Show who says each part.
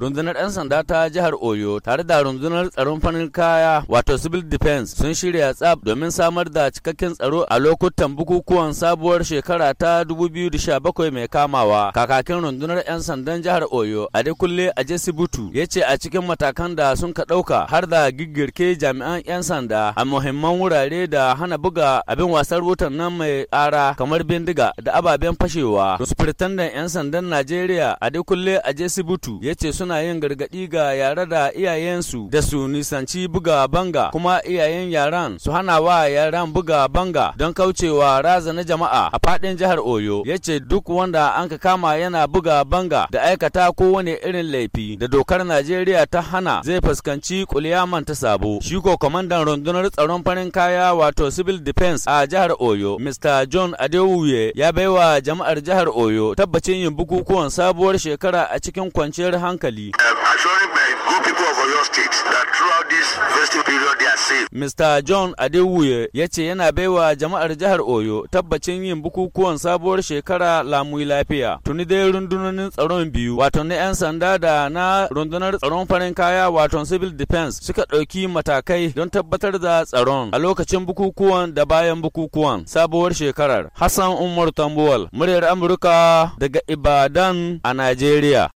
Speaker 1: Rundunar 'yan sanda ta jihar Oyo tare da rundunar tsaron farin kaya wato civil defense sun shirya tsab domin samar da cikakken tsaro a lokutan bukukuwan sabuwar shekara ta 2017 mai kamawa. Kakakin rundunar 'yan sandan jihar Oyo Adekunle Ajesibutu ya ce a cikin matakan da sun ka ɗauka har da giggirke jami'an 'yan sanda a muhimman wurare da hana buga abin wasan wutan nan mai ƙara kamar bindiga da ababen fashewa. Sufritandan 'yan sandan Najeriya Adekunle Ajesibutu ya ce sun suna yin gargaɗi ga yare da iyayensu da su nisanci buga banga kuma iyayen yaran su hana wa yaran buga banga don kaucewa razana jama'a a faɗin jihar Oyo ya ce duk wanda an ka kama yana buga banga da aikata kowane irin laifi da dokar Najeriya ta hana zai fuskanci kuliyaman ta sabo. Shi ko kwamandan rundunar tsaron farin kaya wato civil defense a jihar Oyo Mr. John Adewuye ya baiwa jama'ar jihar Oyo tabbacin yin bukukuwan sabuwar shekara a cikin kwanciyar hankali. hankali. Mr. John Adewuye ya ce yana baiwa jama'ar jihar Oyo tabbacin yin bukukuwan sabuwar shekara lamuyi lafiya. Tuni dai rundunonin tsaron biyu wato na 'yan sanda da na rundunar tsaron farin kaya wato civil defense suka ɗauki matakai don tabbatar da tsaron a lokacin bukukuwan da bayan bukukuwan sabuwar shekarar. Hassan Umar Tambuwal, muryar Amurka daga Ibadan a Najeriya.